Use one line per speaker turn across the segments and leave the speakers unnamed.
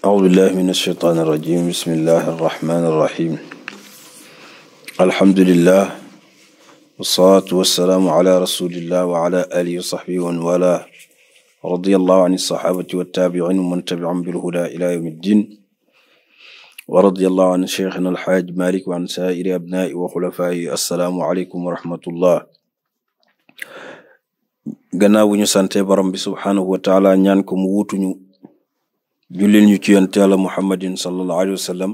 أعوذ بالله من الشيطان الرجيم بسم الله الرحمن الرحيم الحمد لله والصلاة والسلام على رسول الله وعلى آله وصحبه ومن والاه رضي الله عن الصحابة والتابعين ومن تبعهم بالهدى إلى يوم الدين ورضي الله عن شيخنا الحاج مالك وعن سائر أبنائه وخلفائه السلام عليكم ورحمة الله gannaaw bu ñu sante borom bi subhanahu wa taala ñaan ko mu wutuñu jullit ñu ci yonent yàlla muhammadin sallallahu alayhi wa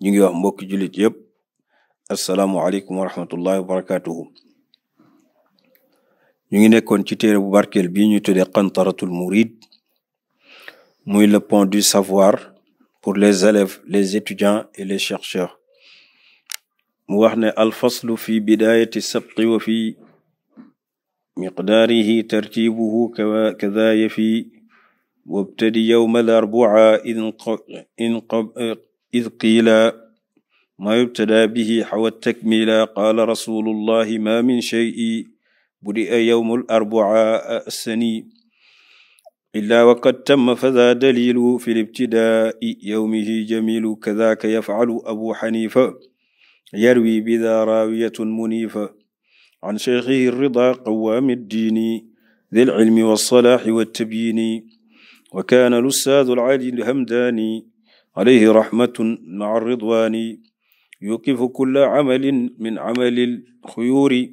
ñu ngi wax mbokki jullit yëpp asalaamualeykum wa rahmatullahi wa barakatuhu ñu ngi nekkoon ci téere bu barkeel bii ñu tuddee qantaratul murid muy le pont du savoir pour les élèves les étudiants et les chercheurs mu wax ne alfaslu fi bidayati sabqi wa fi miqdaarihi tartibuhu kadaya fi wabtadi yowma alarbua id qiila maa yubtadaa bihi xawa takmila qaala rasulullahi ma min sheyi budia yowmu alarbua sani illaa waqad tamma fada dalilu fi libtidaai yowmihi jamilu kadaka yafcalu abu xanifa yarwi bida raawiyatun munifa an sheykhihi rida qawaami ddiini dil cilmi wassalaaxi wattabyiini wa kaana lustaadu alali alhamdaani alayhi rahmatun maa ridwaani yuqifu kulla camalin min camali alxuyuuri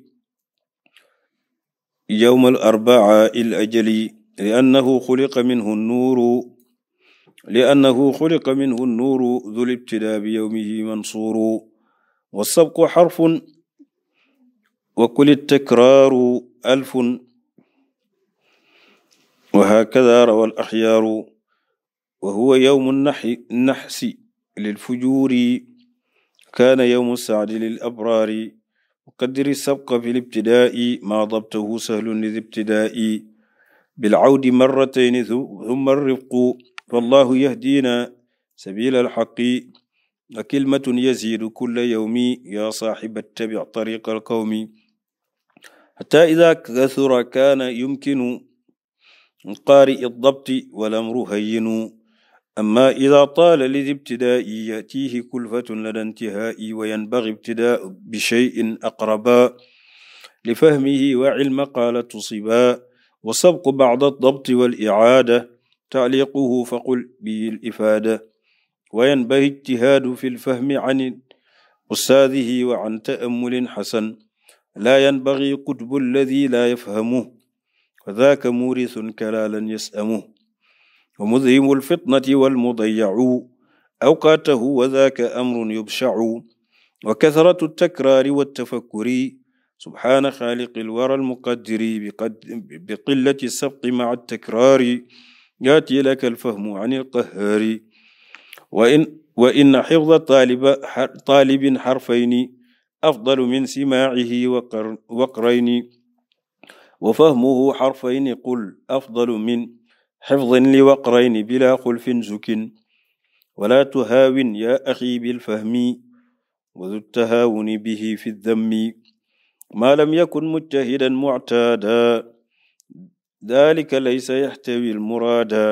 yowma alarbaa alajali liannahu xuliqa minhu nuuru liannahu xuliqa minhu nuuru du libtidaa bi yowmihi mansuuru wa sabqu xarfun wa kuli takraaru alfun wa hakada rawa alaxyaaru wa huwa yowmu naxsi lilfujuuri kaana yowmu saadi lilabraari qadri sabqa fi libtidaai maa dabtahu sahlun li libtidaai bilcawdi marratayni thumma arrifqu fallahu yahdina sabila alxaqi wa kalimatun yaziidu kulla yawmi yaa saaxiba ittabic tariiqa alqawmi xataa idaa kathura kaana yumkinu قارئ الضبط والأمر هين أما إذا طال لذي ابتداء يأتيه كلفة لدى انتهاء وينبغي ابتداء بشيء أقربا لفهمه وعلم قال تصبا وسبق بعض الضبط والإعادة تعليقه فقل به الإفادة وينبغي اجتهاد في الفهم عن أستاذه وعن تأمل حسن لا ينبغي قطب الذي لا يفهمه fa daaka murisun kalaalan yasamu wa mudhimu alfitnati walmudayacu awqaatahu wa daaka amrun yubshacu wa kathratu altakraari waltafakkuri subhaana xaaliqi alwara almuqaddiri biqillati sabqi maca altakraari yaati laka alfahmu can alqahaari wa inna xifda taalibin xarfayni afdalu min simaacihi waqrayni wa fahmuhu xarfayni qul afdalu min xifdin li waqrayni bila xulfin zukin wala tuhaawin ya axi bilfahmi wa du tahaawuni bihi fi dammi maa lam yakun mujtahidan muctaada dalika laysa yaxtawi almuraada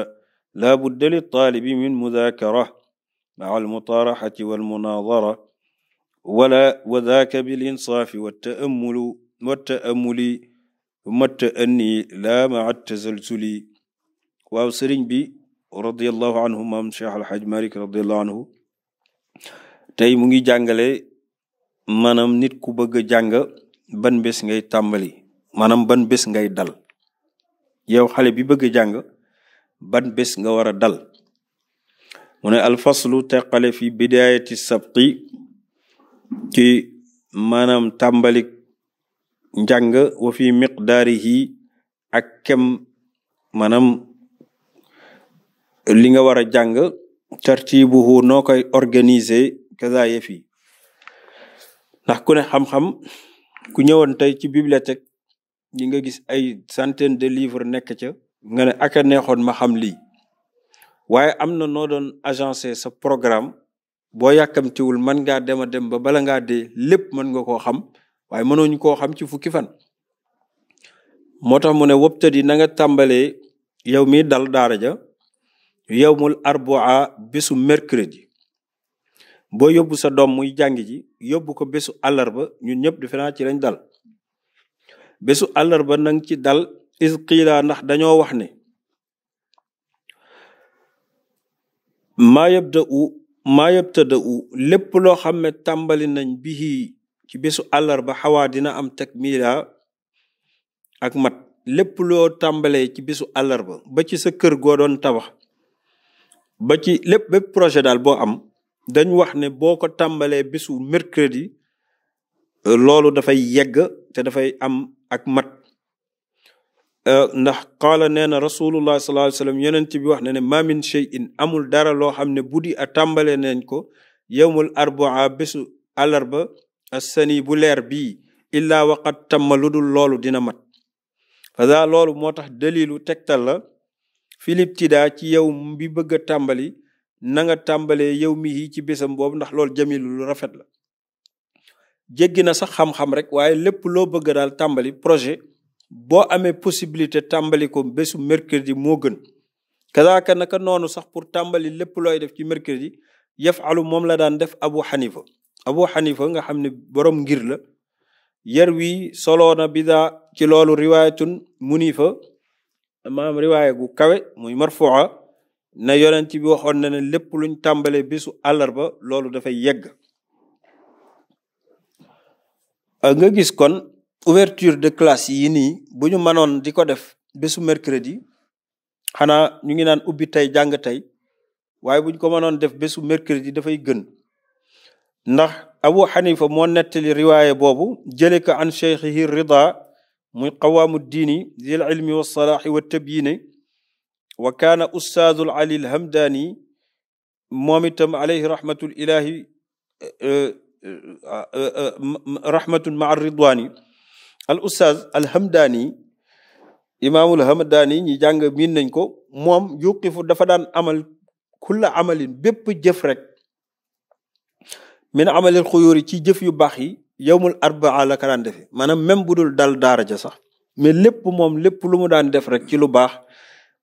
laa budda liltaalibi min mudaakara maca almutaaraxati walmunaadara wala wa daaka bilinsaafi wattaamuli matta anni laa maa tasalsuli waaw sëriñ bi radiallahu anhu maam cheikh alxaaj malik radiallahu anhu tey mu ngi jàngale maanaam nit ku bëgg a jàng ban bés ngay tàmbali maanaam ban bés ngay dal yow xale bi bëgg a jàng ban bés nga war a dal mu ne alfaslu teqale fi bidaayati sabqi ci maanaam tàmbalik njàng wa fi miqdaarihi ak kem maanaam li nga war a jàng tartibuhu noo koy organiser kaza yëfi ndax ku ne xam-xam ku ñëwoon tey ci bibliothèque yi nga gis ay centaine de livre nekk ca nga ne aka neexoon ma xam li waaye am na noo doon agencer sa programme boo yàkkamtiwul mën ngaa dem a dem ba bala ngaa dee lépp mën nga koo xam waaye mënooñu koo xam ci fukki fan moo tax mu ne wabtadi na tàmbalee yow mi dal daara ja yowmul arbua bésu mercredi boo yóbbu sa doom muy jàngi ji yóbbu ko bésu àllarba ñu ñëpp defe naa ci lañ dal bésu àllarba nang ci dal is qiila ndax dañoo wax ne maa yabda'u maa yabtada'u lépp loo xam ne tàmbali nañ bihi ci bésu àllarba xawaa dina am takmila ak mat lépp loo tàmbalee ci bésu àllarba ba ci sa kër goo doon tabax ba ci lépp bépp projet daal boo am dañ wax ne boo ko tàmbalee bésu mercredi loolu dafay yegg te dafay am ak mat euh, ndax qaala nee na rasulullah sallallahu alayhi wasallam yonent bi wax ne ne ma min shay'in amul dara loo xam ne bu di a tàmbalee nañ ko yowmul arbaa bésu àllarba assani bu leer bii illaa waqat tamma dul loolu dina mat faza loolu moo tax dalilu tegtal la filibtidaa ci yow bi bëgg a tàmbali nanga tàmbalee yow mi yi ci bésam boobu ndax loolu jamilu lu rafet la jéggi na sax xam-xam rek waaye lépp loo bëgg daal tàmbali projet boo amee possibilité tàmbali ko bésu mercredi moo gën kazaaka naka noonu sax pour tàmbali lépp looy def ci mercredi yafalu moom la daan def abu xanifa abu xanifa nga xam ne borom ngir la yar wi soloona bidaa ci loolu riwaayatun munifa maam riwaaya gu kawe muy marfuuxa na yonent bi waxoon na ne lépp luñ tàmbalee bésu àllarba loolu dafay yegg ah, nga gis kon ouverture de classe yi nii bu ñu mënoon di ko def bésu mercredi xanaa ñu ngi naan ubbi tey jàng tey waaye buñ ko mënoon def bésu mercredi dafay gën ndax abu xanifa moo nettali riwaayé boobu jële ko an cheikhihi rida muy qawaamu diini zil ilmi wa salaaxi wa tabyiine wa kaana ustaadul ali alhamdaani moom itam alayhi rahmatul ilahi rahmatun maa ridwaani al ustaaz alhamdaani imaamul hamdaani ñi jàng miin nañ ko moom yuqifu dafa daan amal kulla amalin bépp jëf rek min amalil xuyóori ci jëf yu baax yi yowmul arbaa la ka daan defe maanaam même bu dul dal daara ja sax mais lépp moom lépp lu mu daan def rek ci lu baax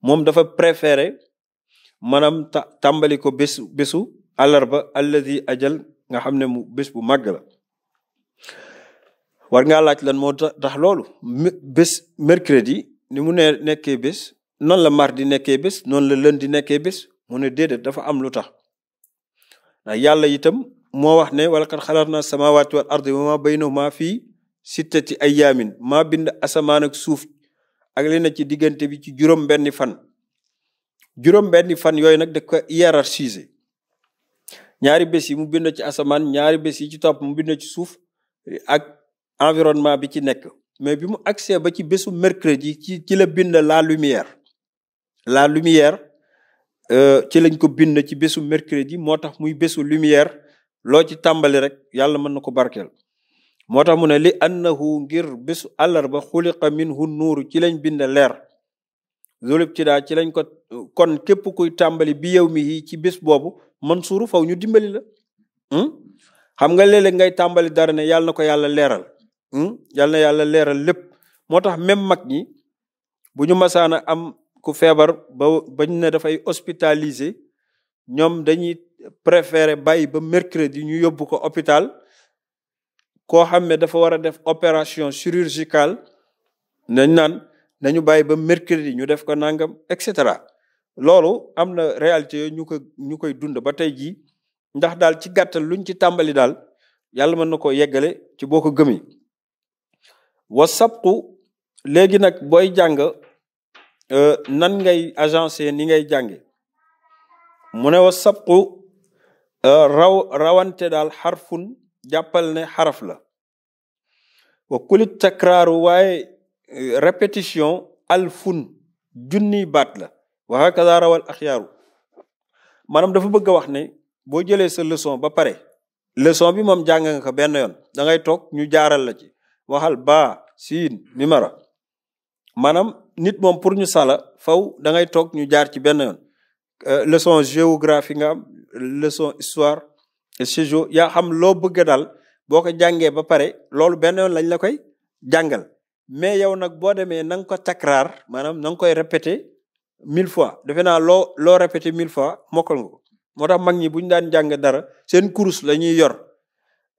moom dafa préféré maanaam ta tàmbali ko bésu bésu àllarba alladi ajal nga xam ne mu bés bu màgg la war ngaa laaj lan moo tax loolu bés mercredi ni mu ne nekkee bés noonu la mardi nekkee bés noonu la lundi nekkee bés mu ne déedéet dafa am lu tax ndax yàlla itam moo wax ne wala kat xalaat na sama wal ardi wa ma baynahuma fii ay ayyaamin ma bind asamaan ak suuf ak li na ci diggante bi ci juróom benni fan juróom benni fan yooyu nag da ko hiérarchiser ñaari bés yi mu bind ci asamaan ñaari bés yi ci top mu bind ci suuf ak environnement bi ci nekk mais bi mu accès ba ci bésu mercredi ci ci la bind la lumière la lumière euh, ci lañ ko bind ci bésu mercredi moo tax muy bésu lumière loo ci tàmbali rek yàlla mën na ko barkeel moo tax mu ne li annahu ngir bésu àllarba xuliqa minhu nuuru ci lañ bind leer zulub ci daa ci lañ ko kon képp kuy tàmbali bi yow mi ci bés boobu man suuru faw ñu dimbali la hmm? xam nga léeg ngay tàmbali dara ne yàlla na ko yàlla leeral hmm? yàlla na yàlla leeral lépp moo tax même mag ñi bu ñu masaana am ku feebar ba bañ ne dafay hospitalisé ñoom dañuy préféré bàyyi ba mercredi ñu yóbbu ko hôpital koo xam ne dafa war a def opération chirurgicale nañ naan nañu bàyyi ba mercredi ñu def ko nangam et cetera loolu am na réalité yooyu ñu ko ñu koy dund ba tey jii ndax daal ci gàttal luñ ci tàmbali daal yàlla mën na koo yeggale ci boo ko gëmee wa sabqu léegi nag booy jàng euh, nan ngay agencé ni ngay jànge mu ne wa sabqu Euh, raw rawante daal xarfun jàppal ne xaraf la wa kulit takraaru waaye euh, répétition alfun junni baat la wa hakaza rawal axyaaru maanaam dafa bëgg a wax ne boo jëlee sa leçon ba pare leçon bi moom jàng nga ko benn yoon da ngay toog ñu jaaral la ci waxal ba siin mimara maanaam nit moom pour ñu sala faw da ngay toog ñu jaar ci benn yoon euh, leçon géographie nga leçon histoire séjour yaa xam loo bëgg daal boo ko jàngee ba pare loolu benn yoon lañ la koy jàngal mais yow nag boo demee na nga ko takraar maanaam na nga koy répété mille fois defe naa loo loo répété mille fois mokkal nga moo tax mag ñi bu ñu daan jàng dara seen kurus la ñuy yor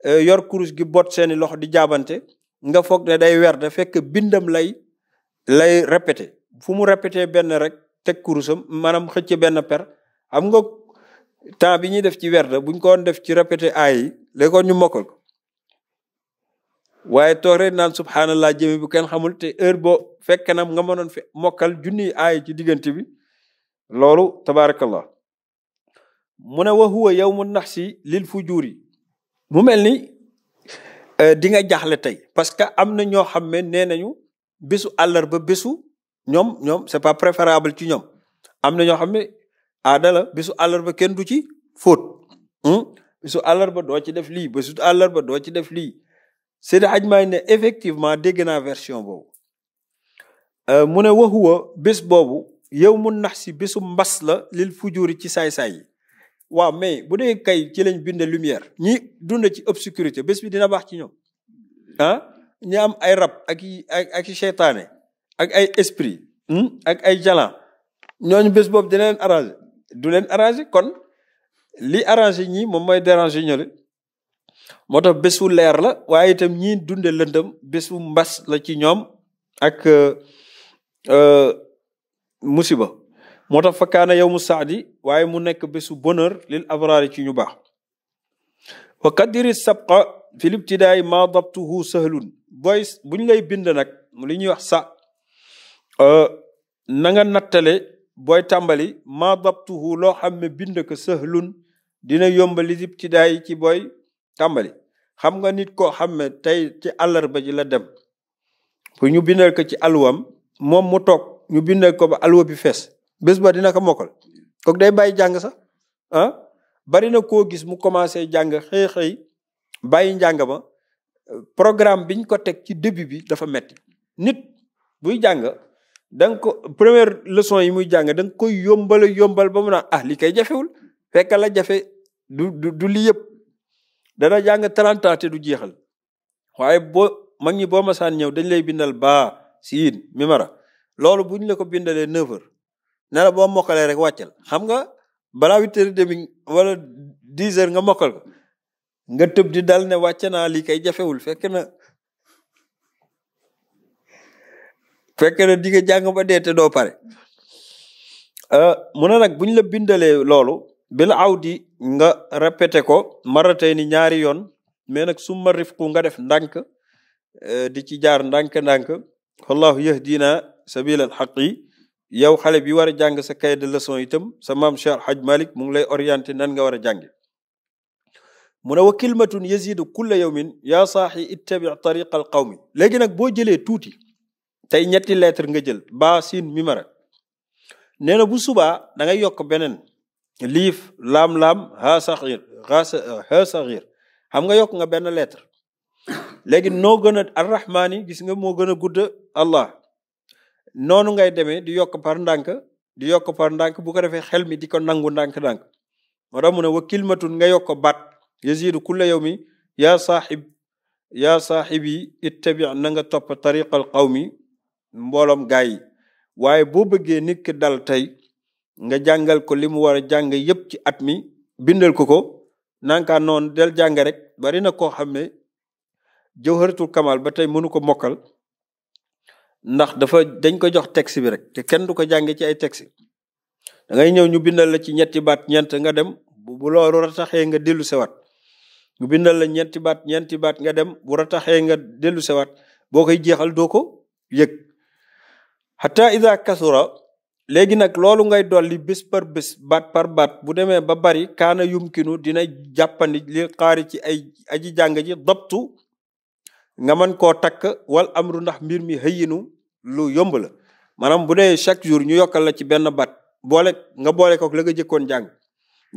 euh, yor kurus gi bot seeni loxo di jaabante nga foog ne day weer da fekk bindam lay lay répété fu mu répété benn rek teg kurusam maanaam xëcc benn per xam nga temps bi ñuy def ci werd buñ ko woon def ci répété aay yi léegi kon ñu mokkal ko waaye toog rek naan subhanallah jëme bu kenn xamul te heure boo fekk na nga mënoon fi mokkal junniy aay ci diggante bi loolu tabaarakallah mu ne wa huwa yawmu naxsi lil fujuri mu mel ni euh, di nga jaxle tey parce que am na ñoo xam ne nee nañu bésu ba bésu ñoom ñoom c'est pas préférable ci ñoom am na ñoo xam ne aada la bisu ba kenn du ci fóot hmm? bisu àllarba doo ci def lii bisu àllarba doo ci def lii Seydi Hadj Maalik ne effectivement dégg naa version boobu euh, mu ne waxuwa bés boobu yow mu nax si bésu mbas la lil fujuri ci saay-saay yi waaw mais bu dee kay ci lañ bind lumière ñi dund ci obscurité bés bi dina baax ci ñoom ah ñi am ay rab ak i ak ay esprit hmm? ak ay jalan ñooñu bés boobu dina leen arrangé du leen arrangé kon li arrangé ñii moom mooy dérangé ñële moo tax bés wu leer la waaye itam ñii dunde lëndëm bés wu mbas la ci ñoom ak euh, euh, musiba moo tax fa kaana yow mu saadi waaye mu nekk bésu bonheur lil abraari ci ñu baax wa qaddiri sabqa fi libtidaay ma dabtuhu sahlun booy buñ lay bind nag li ñuy wax sa euh, nanga nga booy tàmbali maa dabtuhu loo xam ne bind ko sëhlun dina yomba li ibtidaay ci booy tàmbali xam nga nit koo xam ne tey ci àllarba ji la dem pour ñu bindal ko ci alwam moom mu toog ñu bindal ko ba alwa bi fees bés ba dina ko mokkal kooku day bàyyi jàng sax ah bari na koo gis mu commencé jàng xëy xëy bàyyi njàng ma programme biñ ko teg ci début bi dafa metti nit buy jàng da nga ko première leçon yi muy jàng da koy yombal yombal ba mu a ah li koy jafewul fekkal a jafe du du li yëpp dana jàng 30 ans te du jeexal waaye boo mag ñi boo masaan ñëw dañ lay bindal baa siin mi mara loolu bu ñu la ko bindalee 9 heures ne boo mokalee rek wàccal xam nga balaa 8 heures demi wala 10 heures nga mokal nga tëb di dal ne wàcce naa lii kay jafewul fekk na. fekkee ne di nga jàng ba dee doo pare euh, mu ne nag buñ la bindalee loolu bil awdi nga répété ko maratay ni ñaari yoon mais nag summa rifqu nga def ndànk euh, di ci jaar ndànk-ndànk wallahu yahdina sabila alxaqi yow xale bi war a jàng sa cahier de leçon itam sa maam Cheikh Alhaj Malik mu ngi lay orienté nan nga war a jànge mu ne wa kilmatun yazidu kulla yawmin yaa saaxi ittabi tariqa al qawmi nag boo jëlee tuuti tey ñetti lettre nga jël ba siin mimara nee na bu subaa da yokk beneen liif laam-laam ha saxir ha nga yokk nga benn lettre léegi noo gën a gis nga moo gën a gudd allah noonu ngay demee di yokk par ndànk di yokk par ndànk bu ko defee xel mi di ko nangu ndànk-ndànk moo tax mu ne wa kilmatun nga yokk baat yazidu kulla yow mi yaa saaxib yaa saaxib yi ittabi na nga topp tariqal qawmi mbooloom gaay yi waaye boo bëggee nit ki dal tey nga jàngal ko limu mu war a jàng yëpp ci at mi bindal ko ko nanka noonu del jàng rek bari na koo xam ne jawharatul kamal ba tey mënu ko mokkal ndax dafa dañ ko jox texte bi rek te kenn du ko jànge ci ay texte da ngay ñëw ñu bindal la ci ñetti baat ñeent nga dem bu loolu rataxee nga dellu sewaat ñu bindal la ñeenti baat ñeenti baat nga dem bu rataxee nga dellu sewaat boo koy jeexal doo ko yëg xata ida kasura léegi nag loolu ngay dolli bés par bés baat par baat bu demee ba bari kaana yumkinu dina jàppandi li xaari ci ay aji jàng ji dabtu nga mën koo takk wal amru ndax mbir mi xëyinu lu yomb la maanaam bu dee chaque jour ñu yokkal la ci benn baat boole nga boole kook la nga jëkkoon jàng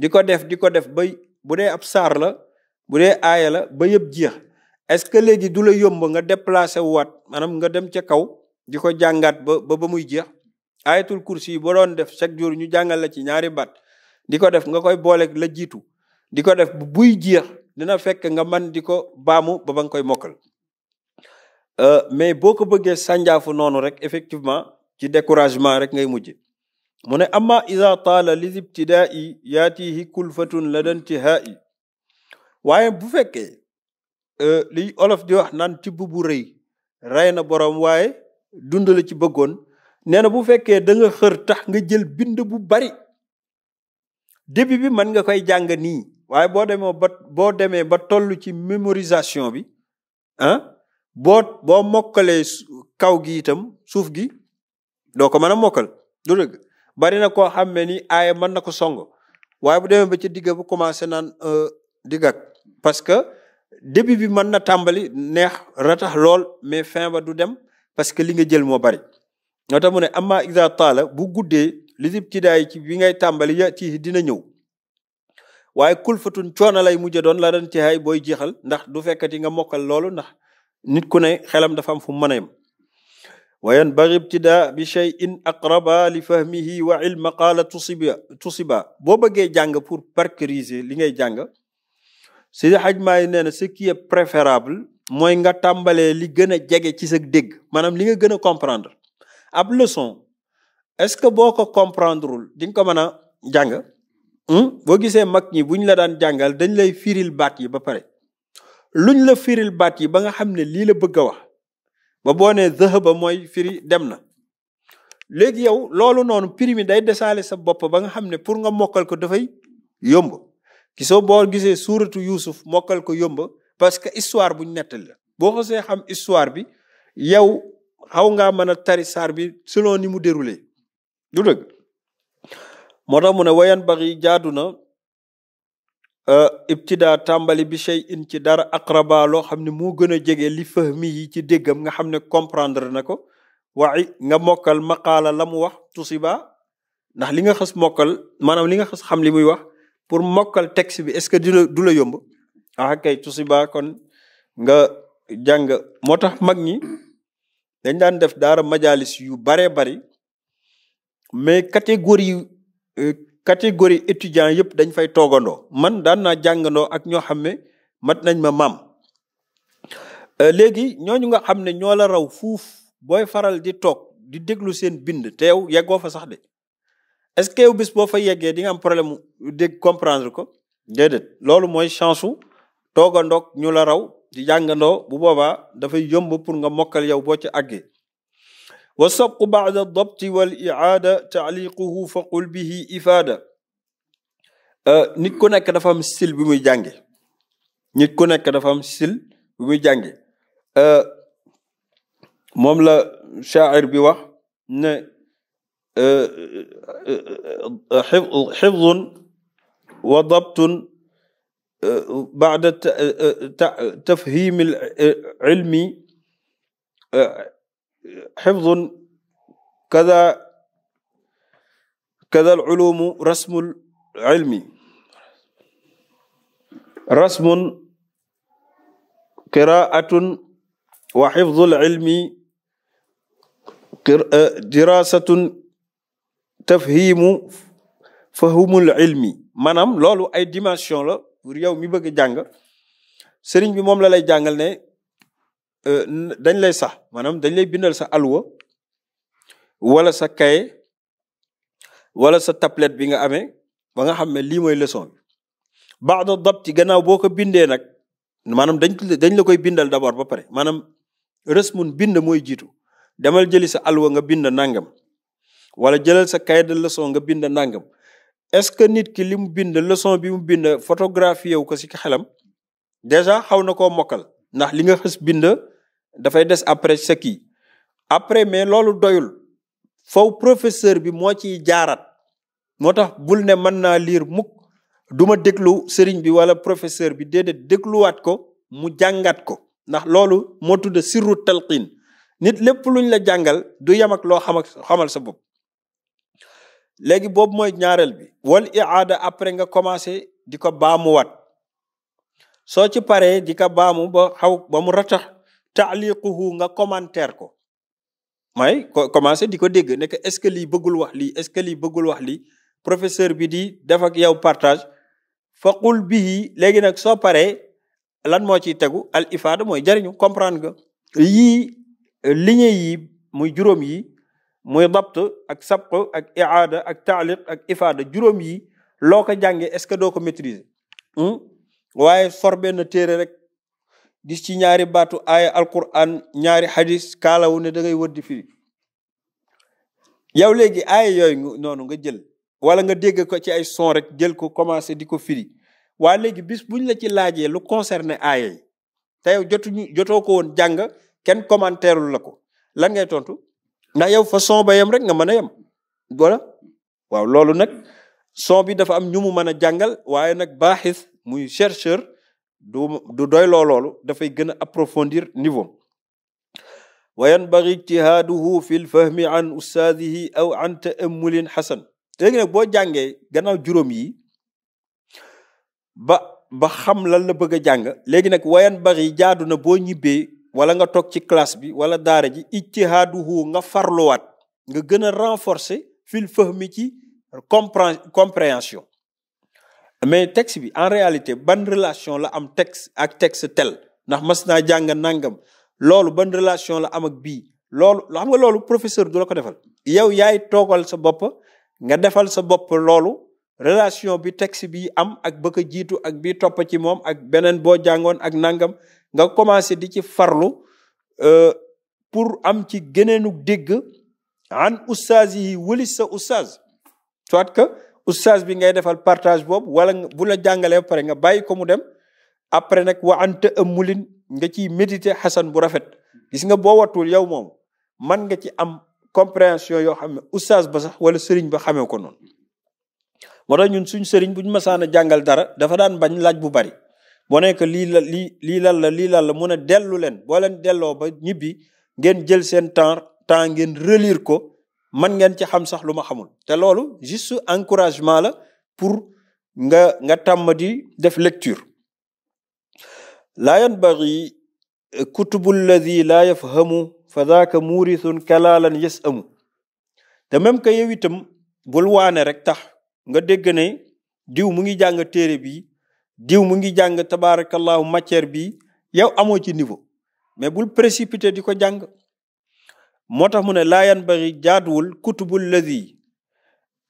di ko def di ko def ba bu dee ab saar la bu dee aaya la ba yëpp jeex est-ce que léegi du la yomb nga déplacé waat maanaam nga dem ca kaw di ko jàngaat ba ba ba muy jeex ayatul kursi yi ba doon def chaque jour ñu jàngal la ci ñaari baat di ko def nga koy booleeg la jiitu di ko def buy jeex dina fekk nga man di ko baamu ba nga koy mokkal euh, mais boo ko bëggee sànjaafu noonu rek effectivement ci découragement rek ngay mujj mu ne amma ida taala li ibtidaai yaatihi kulfatun la dan dantihaai waaye bu fekkee euh, liy olof di wax naan tibb bu rëy rey na borom waaye dund la ci bëggoon nee na bu fekkee danga nga tax nga jël bind bu bari début bi mën nga koy jàng nii waaye boo demee ba boo demee ba toll ci mémorisation bi ah boo boo mokkalee kaw gi itam suuf gi doo ko mën a mokkal du dëgg bari na koo xam ne ni aaya mën na ko song waaye bu demee ba ci digg bu commencé naan euh, diggag parce que début bi mën na tàmbali neex ratax lool mais fin ba du dem parce que li nga jël moo bari ñoo tax mu ne amma isa taala bu guddee lisibtidaay ci bi ngay tàmbali ya ci dina ñëw waaye kulfatun coono lay mujj doon la doon tihaay booy jeexal ndax du fekkati nga mokkal loolu ndax nit ku ne xelam dafa am fu mën a yem wayan bari ibtidaa bi cheyin aqraba li fahmihi wa ilma qaala tusiba tusiba boo bëggee jàng pour parcuriser li ngay jàng si xaj maay nee na ce qui est préférable mooy nga tàmbalee li gën a jege ci sa dégg maanaam li nga gën a comprendre ab leçon est-ce que boo ko comprendrewul di nga ko mën a jàng hmm? boo gisee mag ñi bu ñu la daan jàngal dañ lay firil baat yi ba pare lu luñ la firil baat yi ba nga xam ne lii la bëgg a wax ba boo nee zahaba mooy firi dem na léegi yow loolu noonu prix mi day desaale sa bopp ba nga xam ne pour nga mokkal ko dafay yomb ki soo boo gisee suuratu Yuusuf mokkal ko yomb parce que histoire buñ nettali la boo xasee xam histoire bi yow xaw nga mën a tari saar bi selon ni mu déroulé du dëgg moo tax mu ne wayan baxi jaadu na euh, ibtidaa tàmbali bi shay in ci dara aqraba loo xam ne moo gën a jege li fahmi yi ci déggam nga xam ne comprendre na ko waaye nga mokkal maqaala la mu wax ba ndax li nga xas mokkal maanaam li nga xas xam li muy wax pour mokkal texte bi est-ce que du la du la yomb ah kay tusiba kon nga jàng moo tax mag ñi dañ daan def daara majalis yu baree bari mais catégorie euh, catégorie étudiant yëpp dañ fay toogandoo man daan naa jàngandoo ak ñoo xam ne mat nañ ma maam euh, léegi ñooñu nga xam ne ñoo la raw fuuf booy faral di toog di déglu seen bind teew yow yeggoo fa sax de est-ce que yow bis boo fa yeggee di nga am problème mu dégg comprendre ko déedéet loolu mooy chance toogandoog ñu la raw di jàngandoo bu boobaa dafay yomb pour nga mokkal yow boo ci àggee wa sabqu baada dabti wal iaada taaliquhu fa qul bihi ifaada euh, nit ku nekk dafa am style bi muy jànge nit ku nekk dafa am style bi muy jànge euh, moom la shaair bi wax ne xifdun euh, wa dabtun baada tafhim al ilmi xifdun kada kada al ulumu rasmul ilmi rasmun qiraatun wa xifdul ilmi dirasatun tafhimu fahumul ilmi maanaam loolu ay dimension la pour yow mi bëgg jàng sëriñ bi moom la lay jàngal ne euh, dañ lay sax maanaam dañ lay bindal sa alwa wala sa kaye wala sa tablette bi nga ame ba nga xam ne lii mooy leçon bi baax na dab ci gannaaw boo ko bindee nag maanaam dañ dañ la koy bindal d'abord ba pare maanaam rës mun bind mooy jiitu demal jëli sa alwa nga bind nangam wala jëlal sa cahier de leçon nga bind nangam est-ce que nit ki li mu bind leçon bi mu bind photographie yow ko ci xelam déjà xaw na koo mokkal ndax li nga xës bind dafay des après sa kii après mais loolu doyul fow professeur bi moo ciy jaarat moo tax bul ne mën naa liir mukk duma ma déglu sëriñ bi wala professeur bi déedéet dégluwaat ko mu jàngat ko ndax loolu moo tudd sirru talqin nit lépp luñ la jàngal du yem ak loo xam xamal sa bopp léegi boobu mooy ñaareel bi wal iaada après nga commencé di ko baamuwaat soo ci paree di ko baamu ba xaw ba mu ratax taaliquhu nga commentaire ko may commencé di ko dégg ne est-ce que lii bëggul wax lii est-ce que lii bëggul wax lii professeur bi di def ak yow partage faqul bihi léegi nag soo paree lan moo ciy tegu al ifaada mooy jariñu comprendre nga yii lignée yi muy juróom yii muy dabt ak sabq ak iaada ak taaliq ak ifaada juróom yi loo ko jàngee est ce que doo ko maîtriser hmm? waaye for benn téere rek gis ci ñaari baatu aaya alquran ñaari xadis kaalawu ne da ngay wër di firi yow léegi aaya yooyu noonu nga jël wala nga dégg ko ci ay son rek jël ko commencé di ko firi waa léegi bis buñ la ci laajee lu concerné aaya yi te yow jotuñu jotoo ko woon jàng kenn commentairul la ko lan ngay tontu ndax yow fa son ba rek nga mën a yem voilà waaw loolu nag son bi dafa am ñu mu mën a jàngal waaye nag baaxis muy chercheur du du doy loo dafay gën a approfondir niveau wa yanbaghi ijtihaaduhu fi lfahmi an ustaadihi aw an ta'ammulin xasan léegi nag boo jàngee gannaaw juróom yi ba ba xam lan na bëgg a jàng léegi nag wayan bari jaadu na boo ñibbee wala nga toog ci classe bi wala daara ji ijtihaaduhu nga farluwaat nga gën a renforcer fil mi ci compréhension mais texte bi en réalité ban relation la am texte ak texte tel ndax mas naa jàng nangam loolu ban relation la am ak bii loolu xam nga loolu professeur du la ko defal yow yaay toogal sa bopp nga defal sa bopp loolu relation bi texte bi am ak ba ko jiitu ak bi topp ci moom ak beneen boo jàngoon ak nangam nga commencé di ci farlu euh, pour am ci gëneenu digg an oustaz yi wëlis sa oustaz soit que oustaz bi ngay defal partage boobu wala bu la jàngalee ba pare nga bàyyi ko mu dem après nag wa anta mulin nga ciy méditer xasan bu rafet gis nga boo watul yow moom man nga ci am compréhension yoo xam ne oustaz ba sax wala sëriñ ba xamee ko noonu moo tax ñun suñ sëriñ buñ a jàngal dara dafa daan bañ laaj bu bari boo nekk lii la lii lii lan la lii lan la mun a dellu leen boo leen delloo ba ñibbi ngeen jël seen temps temps ngeen relire ko man ngeen ci xam sax lu ma xamul te loolu juste encouragement la pour nga nga tàmm di def lecture laa yanbaghi kutubu alladi laa yafhamu fa daaka muurithun kalaalan yes amu te même ka yow itam bul waane rek tax nga dégg ne diw mu ngi jàng téere bi diw mu ngi jàng tabaarakallaahu matière bi yow amoo ci niveau mais bul précipité di ko jàng moo tax mu ne laayan bari jaaduwul kutubul ladi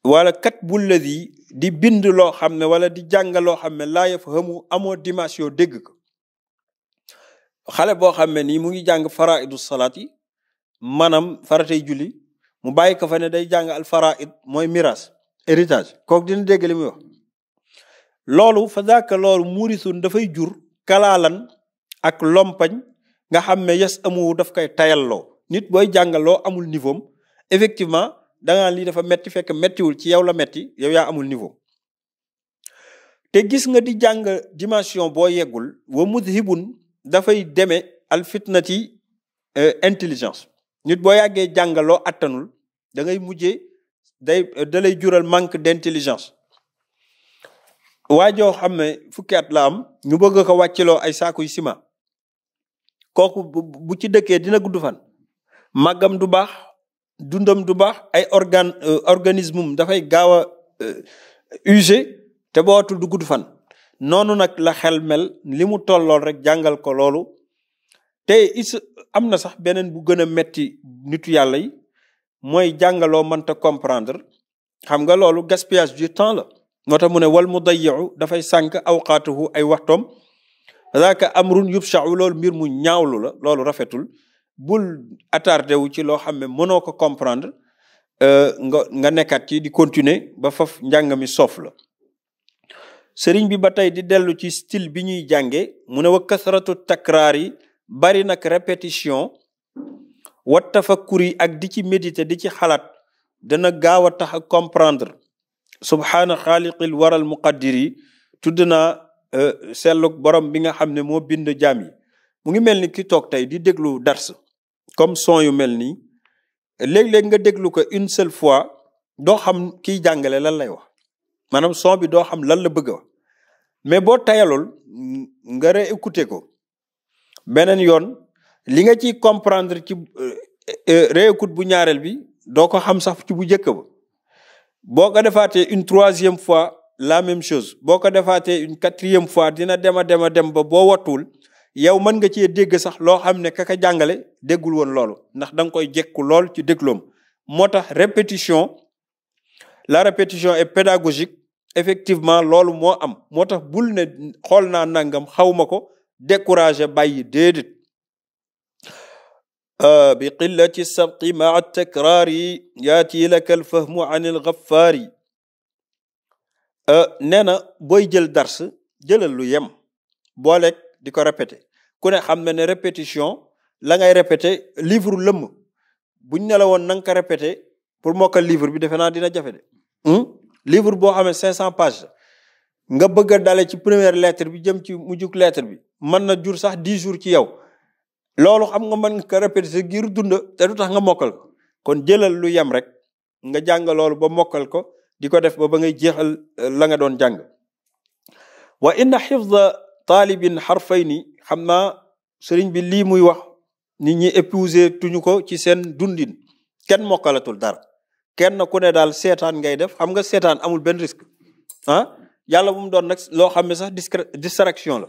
wala kat bul ladi di bind loo xam ne wala di jàng loo xam ne laa yafhamu amoo dimension dégg ko xale boo xam ne nii mu ngi jàng faraidu salaat yi maanaam faratay julli mu bàyyi ko fa ne day jàng al faraid mooy miraas héritage kooku dina dégg li loolu fa zaaka loolu muurisun dafay jur kalaalan ak lompañ nga xam ne yes amu daf koy tayalloo nit booy jàngal loo amul niveau effectivement dangaa lii dafa metti fekk mettiwul ci yow la metti yow yaa amul niveau te gis nga di jàng dimension boo yeggul wa mudhibun dafay deme al fitnati euh, intelligence nit boo yàggee jàngal loo attanul da ngay mujjee day da lay jural manque d'intelligence waa joo xam ne fukki at la am ñu bëgg ko wàcciloo ay saakuy ciment kooku bu ci dëkkee dina gudd fan màggam du baax dundam du baax ay organ euh, organisme dafay gaaw a euh, usé te bootul du gudd fan noonu nag la xel mel li mu tollool rek jàngal ko loolu te is am na sax beneen bu gën a metti nitu yàlla yi mooy jàngaloo mënta comprendre xam nga loolu gaspillage du temps la moo tax mu ne wal mudayiu dafay sànq awqaatuhu ay waxtoom zaaka amrun yubshau lool mbir mu ñaawlu la loolu rafetul bul attardé wu ci loo xam ne mënoo ko comprendre euh, nga nga nekkaat ci di continuer ba faf njàng mi soof la sëriñ bi ba tey di dellu ci style bi ñuy jànge mu ne wa kasratu takraar bari nag répétition wa tafakkur yi ak di ci méditer di ci xalaat dana gaaw a tax a comprendre subhaana xaaliqil waral muqaddir yi tudd naa euh, selluk borom bi nga xam ne moo bind jaam mu ngi mel ni ki toog tey di déglu dars comme son yu mel nii léeg-léeg nga déglu ko une seule fois doo xam kiy jàngale lan lay wax maanaam son bi doo xam lan la bëgg a mais boo tayalool nga réécouter ko beneen yoon li nga ci comprendre ci euh, euh, réécoute bu ñaareel bi doo ko xam sax ci bu njëkk ba boo ko defaatee une troisième fois la même chose boo ko defaatee une quatrième fois dina dem a dem a dem ba boo wattuwul yow man nga cee dégg sax loo xam ne kaka jàngale déggul woon loolu ndax da koy jekku lool ci dégloom moo tax répétition la répétition est pédagogique effectivement loolu moo am moo tax bul ne xool naa nangam xaw ma ko découragé bàyyi déedéet بقلة السبق مع التكرار ياتي لك الفهم عن الغفار nee na booy jël dars jëlal lu yem booleeg di ko répété ku ne xam na ne répétition la ngay répété livre lëmm buñ ne na nga ko répété pour mokkal livre bi defe naa dina jafe de livre boo xamee cinq cent pages nga bëgg a dale ci première lettre bi jëm ci mujjug lettre bi mën na jur sax dix jours ci yow loolu xam nga mën nga ko répété ngir dund te du tax nga mokkal kon jëlal lu yem rek nga jàng loolu ba mokkal ko di ko def ba ba ngay jeexal euh, la nga doon jàng wa inna xifda taalibin xarfayni xam naa sëriñ bi lii muy wax nit ñi épuisé tuñu ko ci seen dundin kenn mokkalatul dara kenn ku ne daal seetaan ngay def xam nga seetaan amul benn risque ah yàlla bu mu doon nag loo xam ne sax distraction la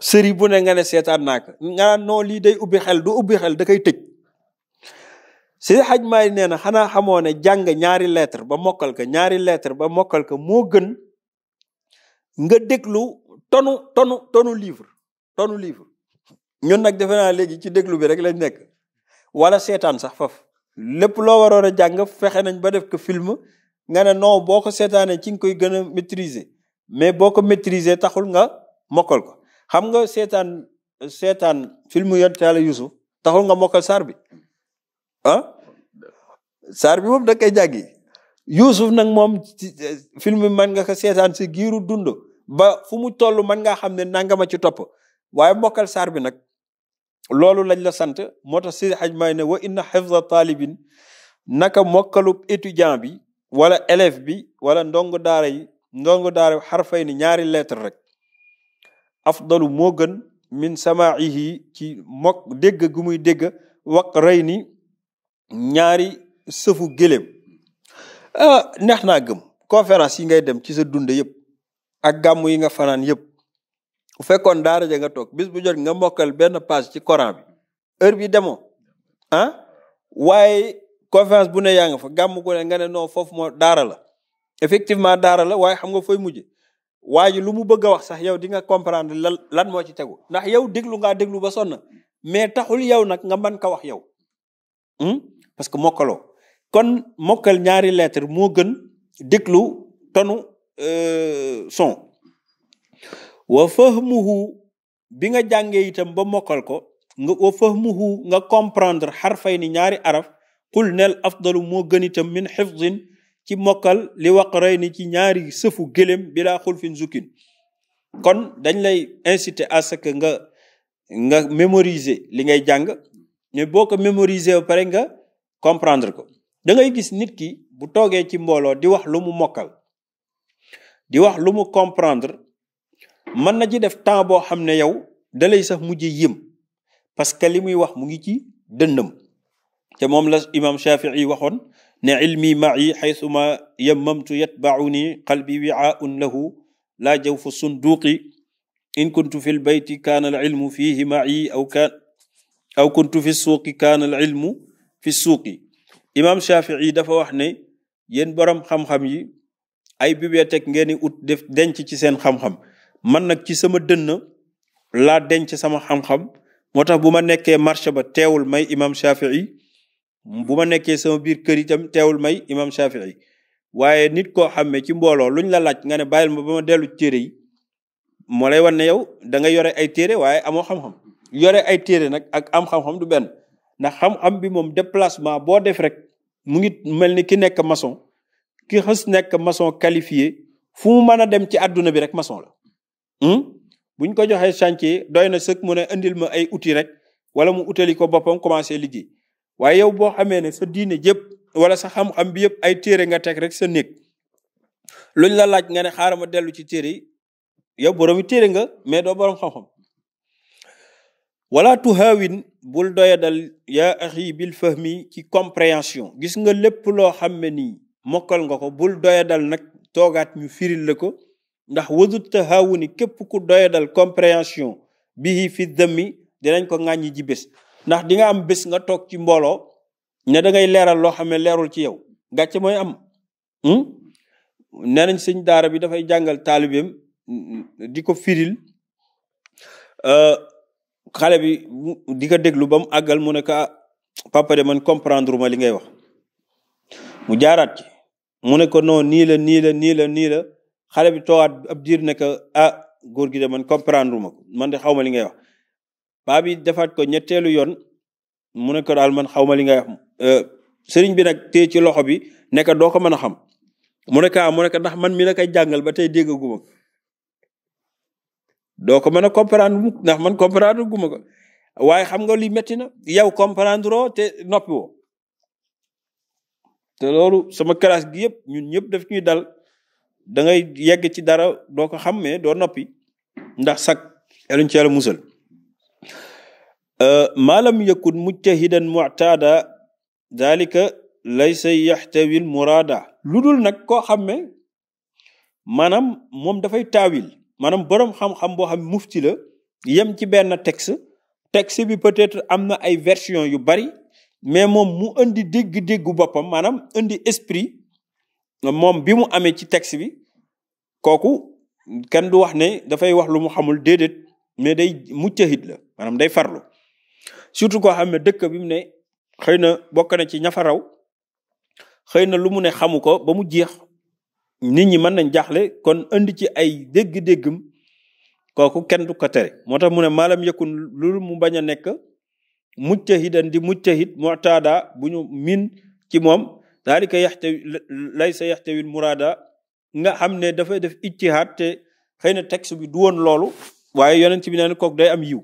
série bu ne nga ne seetaan naa ko nga noo lii day ubbi xel du ubbi xel da koy tëj Seydi Hadj may nee na xanaa xamoo ne jàng ñaari lettre ba mokkal ko ñaari lettre ba mokkal ko moo gën nga déglu tonu tonu tonu livre tonu livre ñun nag defe naa léegi ci déglu bi rek lañ nekk wala seetaan sax faf lépp loo waroon a jàng fexe nañ ba def ko film nga ne non boo ko seetaanee ci nga koy gën a maîtriser mais boo ko maîtriser taxul nga mokkal ko xam nga seetaan seetaan film yonent Yàlla Yuusuf taxul nga mokkal saar bi ah saar bi moom da koy jàggi Yuusuf nag moom film bi mën nga ko seetaan si giiru dund ba fu mu toll mën ngaa xam ne nangama ci topp waaye mokkal saar bi nag loolu lañ la sant moo tax si xaj may ne wa inna xifza taalibin naka mokkalub étudiant bi wala élève bi wala ndongo daara yi ndongo daara xarfay ni ñaari lettre rek afdalu moo gën min samaa'ihi ci mok dégg gu muy dégg waq rey ni ñaari sëfu gëléem ah neex naa gëm conférence yi ngay dem ci sa dund yëpp ak gàmm yi nga fanaan yëpp bu fekkoon daara ja nga toog bis bu jot nga mokkal benn page ci Coran bi heure bi demoo ah waaye conférence bu ne yaa nga fa gàmm gu ne nga ne non foofu moo daara la effectivement daara la waaye xam nga fooy mujje waa ji lu mu bëgg a wax sax yow di nga comprendre lan lan moo ci tegu ndax yow déglu ngaa déglu ba sonn mais taxul yow nag nga man ka wax yow hmm? parce que mokkaloo kon mokkal ñaari lettre moo gën déglu tonu euh, son wa fahmuhu bi nga jàngee itam ba mokkal ko nga wa fahmuhu nga comprendre xarfay ni ñaari araf qul neel afdalu moo gën itam min xifdin ci mokkal li waq rey ni ci ñaari sëfu gëléem bilaa xulfin zukkin kon dañ lay inciter à ce que nga nga mémoriser li ngay jàng mais boo ko mémoriser ba pare nga comprendre ko da ngay gis nit ki bu toogee ci mbooloo di wax lu mu mokkal di wax lu mu comprendre mën na ci def temps boo xam ne yow dalay sax mujj yëm parce que li muy wax mu ngi ci dëndam te moom la imam Shafi'i waxoon ne ilmi ma'i xaysuma yammamtu yatba'uni qalbi wi'a'un lahu laa jawfu sunduqi in kuntu fi lbayti kaana alilmu fihi ma'i aw kaan aw kuntu fi suuqi kaana alilmu fi suuqi imam Shafii dafa wax ne yéen borom xam-xam yi ay bibliothèque ngeen di ut def denc ci seen xam-xam man nag ci sama dënn laa denc sama xam-xam moo tax bu ma nekkee marché ba teewul may imam Shafii bu ma nekkee sama biir kër itam teewul may imam Shafii waaye nit koo xam ne ci mbooloo luñ la laaj nga ne bàyyil ma ba ma dellu téere yi moo lay wan ne yow da nga yore ay téere waaye amoo xam-xam yore ay téere nag ak am xam-xam du benn ndax xam-xam bi moom déplacement boo def rek mu ngi mel ni ki nekk maçon ki xës nekk maçon qualifié fu mu mën a dem ci àdduna bi rek maçon la hmm? buñ ko joxee chantier doy na sëkk mu indil ma ay outils rek wala mu utali ko boppam commencé liggéey waaye yow boo xamee ne sa diine jëpp wala sa xam-xam bi yëpp ay téere nga teg rek sa néeg luñ la laaj nga ne xaaral ma dellu ci téere yi yow boroomi téere nga mais doo boroom xam-xam wala tuhaawin bul doyadal yaa axi bil mi ci compréhension gis nga lépp loo xam ne nii mokkal nga ko bul doya dal nag toogaat ñu firil la ko ndax wadut tahaawuni képp ku doyadal compréhension bihi fi dëmmi dinañ ko ŋàññi ji bés ndax di nga am bés nga toog ci mbooloo ne da ngay leeral loo xam ne leerul ci yow gàcce mooy am hmm? nee nañ sëñ daara bi dafay jàngal taalibeem mm, di ko firil euh, xale bi di ko déglu ba mu àggal mu ne ko ah, papa de man comprendre ma li ngay wax mu jaaraat ci mu ne ko non nii la nii la nii la nii la xale bi toowaat ab diir ne ko ah góor gi de man comprendre ma man de xaw ma li ngay wax paa bi defaat ko ñetteelu yoon mu ne ko daal man xaw ma li ngay wax euh, sëriñ bi nag téye ci loxo bi ne ko doo ko mën a xam mu ne ah, mu ne ndax man mi la koy jàngal ba tey déggaguma doo ko mën a comprendre ndax man comprendre guma ko waaye xam nga li metti na yow comprendre oo te noppi woo te loolu sama classe gi yëpp ñun ñëpp daf ñuy dal dangay ngay yegg ci dara doo ko xam mais doo noppi ndax sag eluñ ci musal Euh, maalam yakun mujtahidan mu'taada dalika laysa yaxtawil muraada lu dul nag koo xam ne maanaam moom dafay taawil maanaam boroom xam-xam boo xam mufti la yem ci benn texte texte bi peut-être am na ay version yu bari mais moom mu indi dégg-déggu boppam maanaam indi esprit moom bi mu amee ci texte bi kooku kenn du wax ne dafay wax lu mu xamul déedéet mais day mujtahid la maanaam day farlu surtout koo xam ne dëkk bi mu ne xëy na bokk na ci ñafa raw xëy na lu mu ne xamu ko ba mu jeex nit ñi mën nañ jaaxle kon indi ci ay dégg-déggam kooku kenn du ko tere moo tax mu ne maalam yëkkun loolu mu bañ a nekk mujtahidan di mujtahid mu'tada bu ñu min ci moom daalika yaxtawi laysa yaxtawi muraada nga xam ne dafay def ijtihaad te xëy na texte bi du woon loolu waaye yonent bi nee kook day am yiw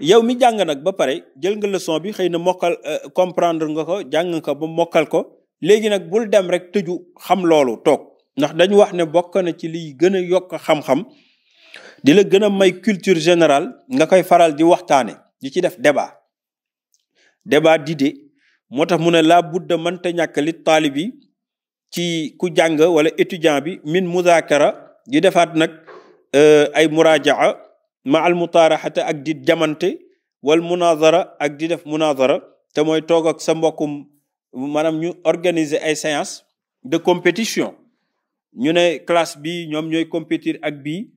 yow mi jàng nag ba pare jël nga leçon bi xëy na mokkal euh, comprendre nga ko jàng ko ba mokkal ko léegi nag bul dem rek tëju xam loolu toog ndax dañ wax ne bokk na ci li gën a yokk xam-xam di la gën a may culture général nga koy faral di waxtaane di ci def débat débat d'idée moo tax mu ne laa budda mënta ñàkk li taalib yi ci ku jàng wala étudiant bi min muzaakara di defaat nag euh, ay muraajaa ma al mutaaraxata ak di jamante wal munazara ak di def munazara te mooy toog ak sa mbokkum maanaam ñu organiser ay séance de compétition ñu ne classe bi ñoom ñooy compétir ak bii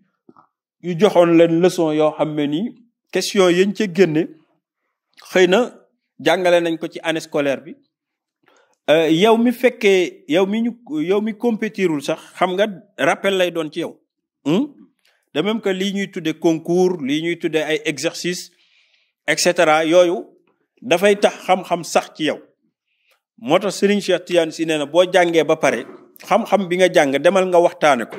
yu joxoon leen leçon yoo xam ne nii question yañ ca génne xëy na jàngale nañ ko ci année scolaire bi euh, yow mi fekkee yow mi ñu yow mi compétirul sax xam nga rappel lay doon ci yow hmm? de même que lii ñuy tudde concours lii ñuy tudde ay exercice et cetera yooyu dafay tax xam-xam sax ci yow moo tax Serigne Cheikh Tidiane si nee na boo jàngee ba pare xam-xam bi nga jàng demal nga waxtaane ko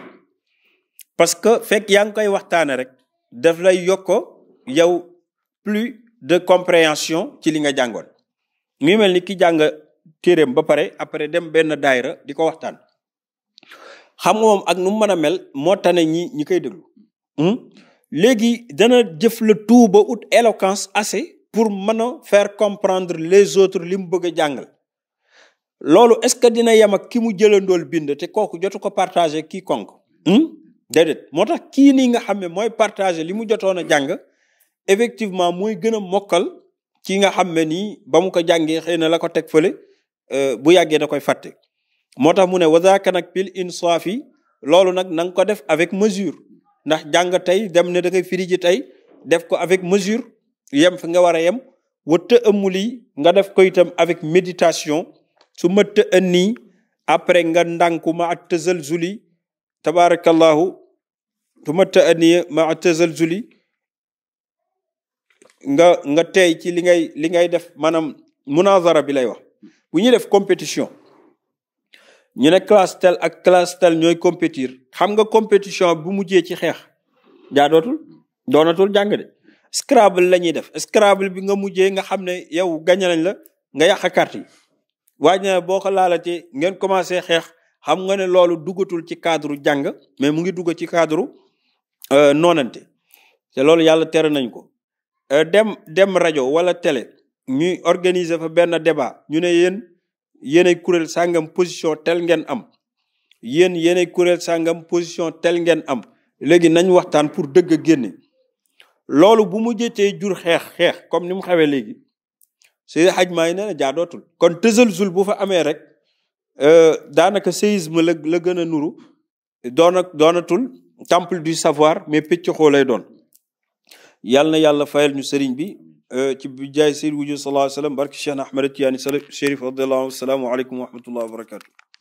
parce que fekk yaa ngi koy waxtaane rek def lay yokko yow plus de compréhension ci li nga jàngoon mi mel ni ki jàng téeréem ba pare après dem benn daayira di ko waxtaan xam nga moom ak nu mu mën a mel moo tane ñi ñi koy déglu Hmm? léegi dana jëf la tout ba ut éloquence assez pour mën a faire comprendre les autres li mu bëgg a jàngal loolu est-ce que dina yem ak ki mu jëlandool bind te kooku jotu ko partager quiconque hmm? déedéet moo tax kii nii nga xam ne mooy partager li mu jotoon a jàng effectivement mooy gën a mokkal kii nga xam ne nii ba mu ko jàngee xëy na la ko teg fële euh, bu yàggee da koy fàtte moo tax mu ne wazaka nag bil insaafi loolu nag na ko def avec mesure ndax jàng tey dem ne da ngay firi tey def ko avec mesure yem fi nga war a yem wëtta ëmmu nga def ko itam avec méditation su mëtta ënnii après nga ndànku ma a tësal zuli tabarakallahu su mëtta ënnii ma a tësal nga nga tey ci li ngay li ngay def maanaam munazara bi lay wax bu ñuy def compétition ñu ne classe tel ak classe tel ñooy compétir xam nga compétition bu mujjee ci xeex jaa dootul doonatul jàng de scrabble la ñuy def scrabble bi nga mujjee nga xam ne yow gañe la nga yàq carte yi waaye ne boo ko laalatee ngeen commencé xeex xam nga ne loolu dugatul ci cadre jàng mais mu ngi dugg ci cadre euh, noonante te loolu yàlla tere nañ ko euh, dem dem rajo wala télé ñuy organiser fa benn débat ñu ne yéen yéenay kuréel sangam position tel ngeen am yéen yéenay kuréel sangam position tel ngeen am léegi nañ waxtaan pour dëgg a génne loolu bu mu jëccee jur xeex xeex comme ni mu xawee léegi Seydi Hajj Maalik nee na jaadootul kon tësalsul bu fa amee rek euh, daanaka séisme la la gën a nuru doona doonatul temple du savoir mais pécc xoo lay doon yàlla na yàlla fayal ñu sëriñ bi ci bi jaay Seydou Wujud sallallahu alayhi wa sallam barke Cheikh na Ahmed Tidiane Chérif radiyallahu anhu salaamu aleykum wa rahmatullahi wa barakatu